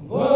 Whoa.